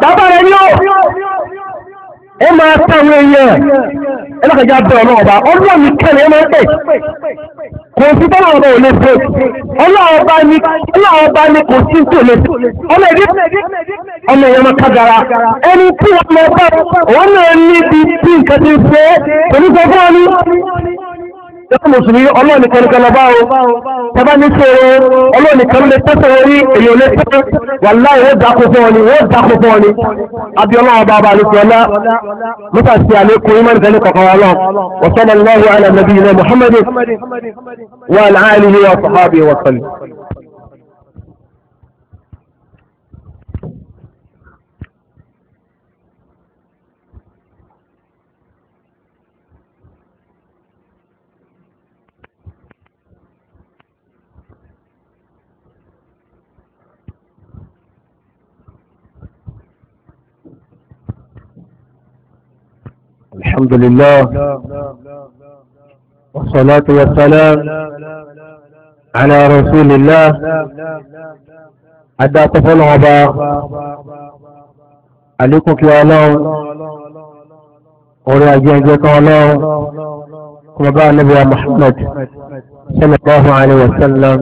bàbá rẹ̀ ní ó ẹ máa táwọn èèyàn ẹlọ́kẹ̀já bẹ ọ̀nà ọba ọlọ́ọ̀ ní kẹ́lẹ̀ ẹ máa pẹ̀ kò sí tọ́lá ọba ò lè fẹ́ ọlọ́ọba ní kò sí tó lè ọmọ èdè ọmọ èèyàn máa kágara ẹni tí wọn máa bá wọn náà níbi bí nǹkan ti fẹ́ pẹ̀lú gbogbo ọ̀nì yóò mùsùlùmí ọlọ́ọ̀nì kan nìkan lọ́ba o tẹ́bá ní sèré ọlọ́ọ̀nì kan lè pẹ́sẹ̀ orí èyàn lè pẹ́ wà láì wọ́n dákò fún ọ ni wọ́n dákò fún ọ ni abiola ọba ọba àlùkò ọlá musa sí àlékún imá nìkan ní kọ̀kan ọlọ́ wọ́n sọ́nà lọ́wọ́ alẹ́ nàbí ilẹ̀ muhammadin wà láàrin ní ọ̀sán الحمد لله والصلاة والسلام على رسول الله أدى طفل عبا عليكم كي الله أولي أجيك الله وبقى النبي محمد صلى الله عليه وسلم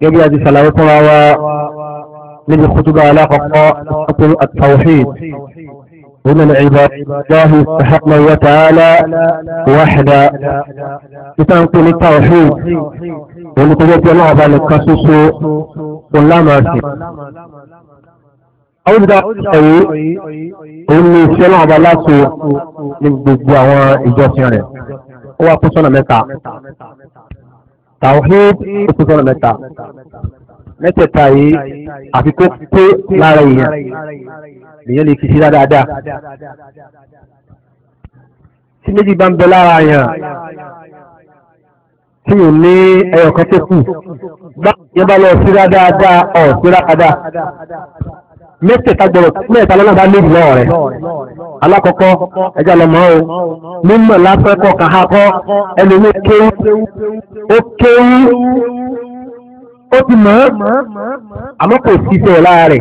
يجي هذه صلاة الله للخطبة على التوحيد ومن عباد الله سبحانه وتعالى وحده تتنقل التوحيد ونقول الله بالقصص ولا ما àwọn ìdá ẹ̀yẹ òun ni iṣẹ́ náà bá láti ní gbogbo àwọn ìjọsìn rẹ̀ ó wá kó sọ́nà mẹ́ta tawhid ó kó sọ́nà mẹ́ta mẹ́tẹ̀ẹ̀ta yìí àfi kó pé lára èèyàn èèyàn lè fi sí dáadáa tí méjì bá ń bẹ lára èèyàn tí yìí ní ẹyọ̀kan tó kù bá yẹn bá lọ sí dáadáa ọ̀ sí dáadáa mẹ́tẹ̀ẹ̀ta gbọ́dọ̀ mẹ́ta lọ́nà bá lébi lọ́wọ́ rẹ̀ alákọ̀ọ́kọ́ ẹja lọ o mímọ̀ lásán kọ̀ kàn á kọ́ ẹlòmíkéwú ó kéwú ó ti mọ̀ àmọ́ kò sí iṣẹ́ lára rẹ̀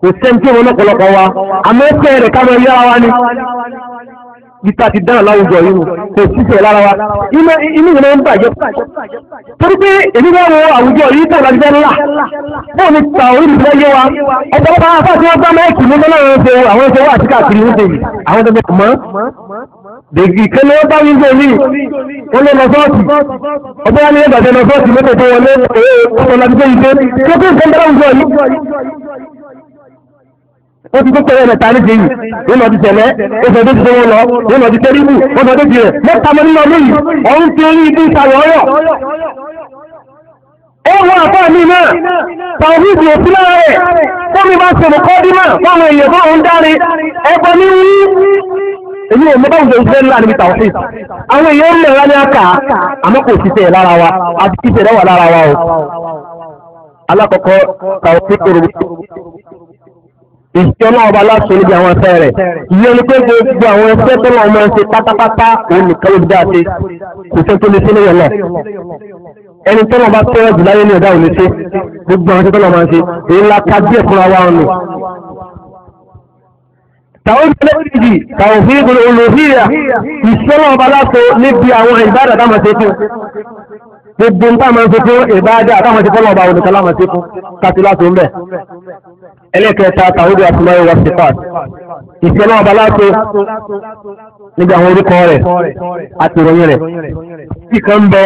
kò sẹ́ni tí wọn lọ́pọ̀lọpọ̀ wa àmọ́ ó fẹ́ rẹ̀ káwọn yára wa ni ìta ti dáhùn láwùjọ yìí kò sí iṣẹ́ lára wa inú ìwé náà ń bàjẹ́ torí pé èmi náà wo àwùjọ yìí tó ìlànà ìfẹ́ ńlá bóun ni ta orí ìfẹ́ yé wa ọ̀pọ̀lọpọ̀ àwọn afáàtì wọn gbá mẹ́ẹ̀kì nínú náà ń ṣe àwọn ìṣẹ́wọ́ àti káàkiri ń ṣe àwọn ìṣẹ́wọ́ mọ́ dèjì kẹlẹ́ ó bá nígbò ní olè lọ́sọ́ọ̀tì ọgbọ́n wá ní ìbàjẹ́ lọ́sọ́ọ̀tì mẹ́tẹ̀ tó wọlé ọ̀tọ̀lájúgbé ìgbé tó kí nǹkan bẹ́rẹ̀ òjò yìí ó ti tó pẹ̀lú ẹ̀mẹ̀ta ní ti yìí nínú ọdún tẹ̀lẹ́ oṣù tó ti tó wọn lọ nínú ọdún tẹ́rìbù oṣù tó ti rẹ̀ mẹ́ta mọ́ nínú ọdún yìí ọ̀hún ti rí ibi ìsàlọ̀ ọ̀yọ̀ ó wọ àpá mi náà tàwíìdì òsì lára rẹ̀ tó mi bá ṣe mọ̀kọ́ dímà fáwọn èèyàn fáwọn ń dáre ẹgbẹ́ ní wí èmi ò mọ́ báwọn ìṣẹ́ ńlá níbi tàwọn fèsì àwọn èèyàn ń lè rá ní àkà àmọ́ kò sí tẹ̀ lára wa àti títẹ̀ náà wà lára wa o alákọ̀ọ́kọ́ tàwọn fèsì rò ìṣẹ́ náà ọba aláṣọ níbi àwọn ẹsẹ̀ rẹ̀ ìyẹn ni pé gbogbo àwọn ẹsẹ̀ tó náà máa ń ṣe pátápátá òun nìkan ló dáa ṣe kò fẹ́ tó lè ṣe lóyọ̀ náà ẹni tó náà bá tẹ́rẹ̀ jù láyé ní ọ̀dà òun ní ṣe gbogbo àwọn ẹsẹ̀ tó náà máa ń ṣe èyí ńlá ká díẹ̀ fúnra wa ọ̀nà tàwọn méjì tàwọn fi ìgbòrò olóhíyà ìṣẹ́wọ̀n ọba látò níbi àwọn ìbádà táwọn ṣe fún gbogbo nǹkan máa ń ṣe fún ìbádà táwọn ṣe fọ́lọ́ ọba olùkọ́ láwọn ṣe fún káti látò ń bẹ̀ ẹlẹ́kẹta tàwọn àtúmọ̀wé wa ṣe fàd ìṣẹ́wọ̀n ọba látò níbi àwọn orúkọ rẹ̀ àti ìròyìn rẹ̀ sì kan bẹ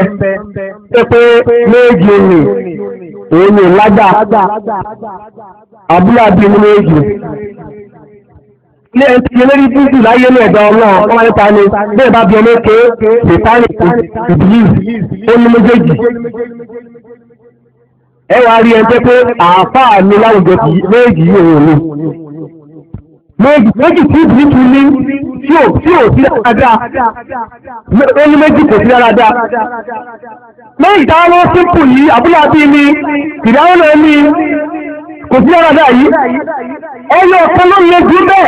pé méjì ni òun ni lágbà abúlé abúlé méjì ní ẹni tí olórí bíbí láyé ní ẹ̀dá ọlọ́run ọmọ nípa ni bẹ́ẹ̀ bá bí ọlọ́kẹ́ satanic ìbílíìsì ó ní méjèèjì. ẹ wá rí ẹni pé àáfàá mi láwùjọ méjì yìí òun ni. méjì tí ìbílí tún ní tí ò tí ò sí dáadáa ó ní méjì kò sí dáadáa. méjì táwọn ló sínkù yìí àbúlá bíi ni ìdáwó náà ní kò sí ọ̀rọ̀ dà yìí ọyọ ọ̀kan ló bẹ́ẹ̀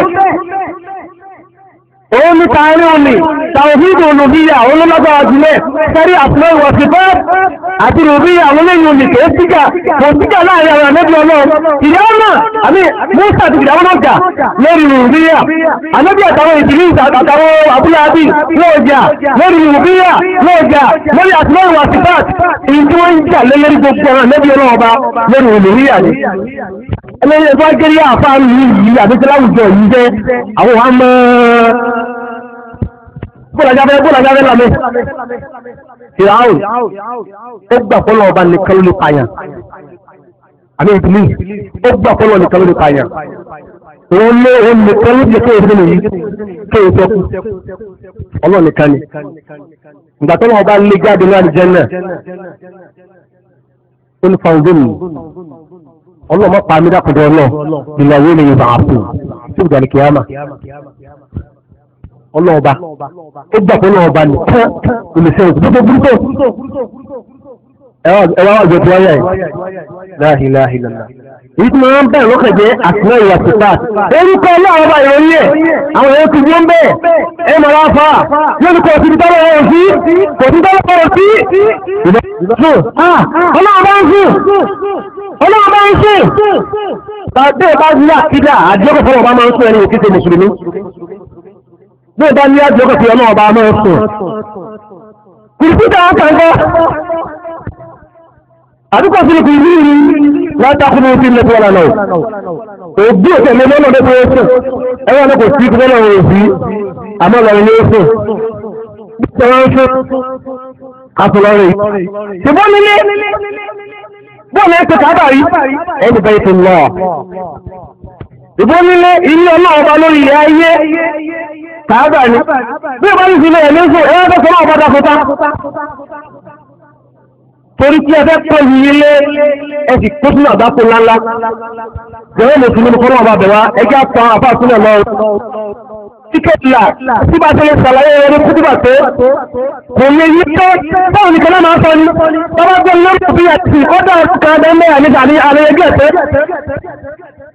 òun ní tààrí òní tàòfíìdì olùbíyà olólọ́gbàá jùlẹ̀ sẹ́rí àtúnwò ìwọ̀sífẹ́ àti rùbíyà olóyìn òní kèé sígà kò sígà láàrin àwọn ànẹ́bí ọlọ́run ìdáwọ́nà àmì mọ́sà àti ìdáwọ́nà jà lórí rùbíyà ànẹ́bí àtàwọn ìdílé àtàwọn abúláàbí lóòjà lórí rùbíyà lóòjà lórí àtúnwò ìwọ̀sífẹ́ ìdí wọ́n ń jà lórí gbogbo àwọn ànẹ́bí ọlọ́run ọba lórí rùbíyà ni ẹlẹ́yìn ẹgbẹ́ gẹ́rí àfáà yìí àbẹ́tẹ́láwùjọ yìí jẹ́ àwọn àmọ́ bọ́lájáfẹ́ bọ́lájáfẹ́ lámẹ́ ìràáhùn ó gbà fọ́lọ̀ ọba nìkan ló lè pààyàn àmì ìdílé ó gbà fọ́lọ̀ nìkan ló lè pààyàn òun lé òun nìkan ló lè kéèyàn sínú yìí kéèyàn sẹ́kù ọlọ́ọ̀ nìkan ni ìgbà tó lọ́wọ́ bá lé jáde ní àdìjẹ́ náà ó ní fàùndínì ọlọ́ọ̀ mọ́ pa mí dákùnjẹ́ ọlọ́ọ̀ ìlàwó ni yorùbá àpò tó ọlọ́ọ̀ba ó gbà pé ọlọ́ọ̀ba nìkan olùsẹ́ òkúrútó kúrútó ẹwà ọjọ́ tí wáyà yìí láhìláhìlàlá èyí tí wọ́n ń bẹ̀rẹ̀ lọ́kàn jẹ́ àtúnwẹ̀ ìwà sípà orúkọ ọlọ́ọ̀ba ìròyìn ẹ̀ àwọn èèyàn ti wọ́n bẹ́ẹ̀ ẹ mọ̀ láfa yóò kò sí tọ́lọ̀ ọ̀rọ̀ sí kò sí tọ́lọ̀ ọ̀rọ̀ sí ah, ọlọ́ọ̀ba ń sùn ọlọ́ọ̀ba ń sùn bàbá bá ní àkídà àdìọ́kọ̀ fọlọ́ọ̀ba máa ń sún ẹni òkè bí o bá ní àjọ kẹfì ọlọ́wọ́ bá máa sùn kùrùkùtà kankan àdúgbò sí ni kò ní ìrì látàkùnrin òfin lẹ́kọ̀ọ́ lọ́nà òbí òtẹ̀lẹ́ lọ́nà lẹ́kọ̀ọ́ sùn ẹ̀wọ̀n lẹ́kọ̀ọ́ sí ìpínlẹ̀ lọ́nà òbí àmọ́ lọ́nà ló sùn tẹ́wọ́n ń sún asọ̀lọ́rẹ̀ ṣùgbọ́n nílé bọ́ọ̀lù ẹ̀kọ́ kábà rí ẹ̀kọ́ bẹ́ẹ̀ tó lọ ìbọn nílé ilé ọlọ́ọ̀ba lórí ilẹ̀ ayé kàábà ni bí ìbá yìí sílẹ̀ ẹ̀mí sùn ẹ̀yà tó sọ́wọ́ ọ̀bọ̀dà kúta torí tí ẹ fẹ́ pọ̀ yìí lé ẹ sì kó sínú àgbákò ńláńlá jẹ́wọ́n lè sinmi kọ́ náà bá bẹ̀ wá ẹjẹ́ àpá àpá àtúnlẹ̀ lọ tíkẹ́tì là tí bá tẹ́lẹ̀ sàlàyé ẹni tó dìbà tó kò lè yí pé báwo nìkan náà máa sọ ni bàbá gbé lórí òfin àti ọ̀dà kan bẹ́ẹ̀ mẹ́rin àti ẹgbẹ́ ẹ̀fẹ́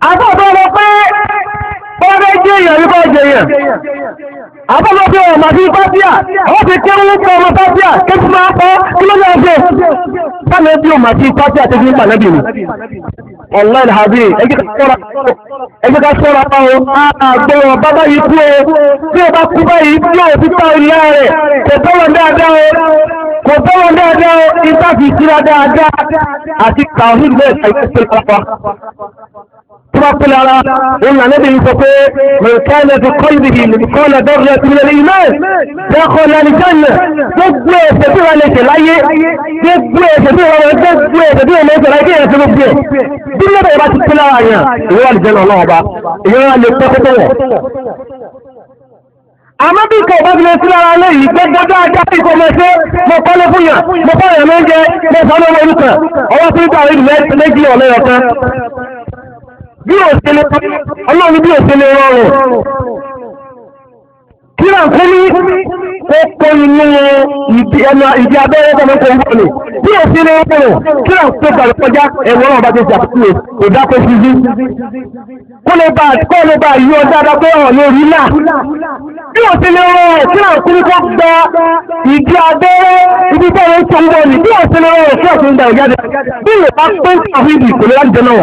àbọ̀bọ̀ pé bọ́ọ̀dẹ́ jẹ́ èèyàn rí bá jẹ èèyàn àbọ̀bọ̀ pé ọmọ àti pápíà wọ́n ti kí wọ́n kọ ọmọ pápíà kí ti máa pọ́ kí ló lọ́ọ́ jẹ́ sáàmì bí ọmọ àti pápíà ti fi ń pàlẹ́bì ni online habi ẹgbẹ́ ká sọ́ra pa o àgbẹ̀wọ̀ bàbá yìí kú o tí o bá kú báyìí yóò fi pa ìlà rẹ̀ kò bọ́wọ̀ dáadáa o kò bọ́wọ́ tọ́pọ̀lára òun ànábì ń sọ pé mọ̀kánà fi kọ́lùbì ìlúkọ́lá dọ́rọ̀ ìpínlẹ̀ ìmọ̀ dákọ̀ lẹ́nu jẹ́nà gbogbo ẹ̀ṣẹ̀ tí wọ́n lè ṣe láyé gbogbo ẹ̀ṣẹ̀ tí wọ́n gbogbo ẹ̀ṣẹ̀ tí wọ́n lè ṣe láyé ẹ̀ṣẹ̀ gbogbo ẹ̀ bí lọ́dọ̀ ìbá ti pínlára yàn ìwọ́n wà lè jẹ́nà ọlọ́ọ̀ba ìwọ́n wà lè tọ́kọ́tọ́ wọ̀ àmọ́ bí kò bá tilẹ̀ sí ara lẹ́yìn pé dáadáa ajá bí kò mọ̀ ṣe mo kọ́lé fún yàn mo fọ́ yàn lóúnjẹ mo sọ lọ́wọ́ orúkọ ọwọ́ tó ń gbà rí méjì ọ̀lẹ́yọ̀ kan bí òṣèlè ọlọ́run bí òṣèlè rọrùn kíra kúmí kó kó inú ìdí abẹ́rẹ́ tọ́mọ kó wọ́n lè bí òṣèlè rọrùn kíra tó gbàlẹ̀ kọjá ẹ̀wọ̀n ọba tó jà kúrò ìdákòsí kó lè bá kó lè bá yí ọ dáadáa pé ọ̀ lórí náà bí o ti lè rọrùn tí à ń kiri kó gba ìdí abẹ́rẹ́ ibi bẹ́ẹ̀ ló tó ń bọ̀ ni bí o ti lè rọrùn tí à ń gba ìjáde bí o bá pín àwọn ibi kò lè wá jẹ náà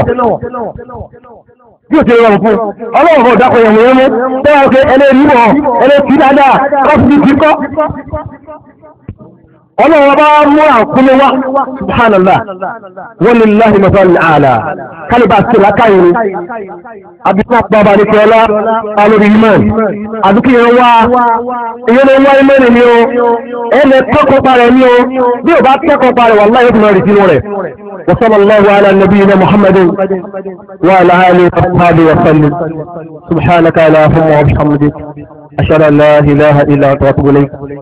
bí o ti rọrùn fún ọlọ́run bọ̀ dákọ̀ yẹ̀wò yẹn mú bẹ́ẹ̀ ọkẹ́ ẹlẹ́rìí bọ̀ ẹlẹ́rìí dáadáa kọ́sìtì kọ́ ọlọ́wọ́ bá mú àkúnlẹ̀ wá subhanallah wọ́n lè láhì mọ́sán àlà kálíbà sí lákàyèrè abúlé bàbá ní kẹọ́lá alórí imán àdúkìyàn wá ìyẹn wá imán ni o ẹnẹ tọkọ parẹ ni o bí o bá tọkọ parẹ wà láyé fúnra rẹ sínú rẹ وصلى الله على نبينا محمد وعلى اله وصحبه وسلم سبحانك اللهم وبحمدك اشهد ان لا اله الا انت واتوب اليك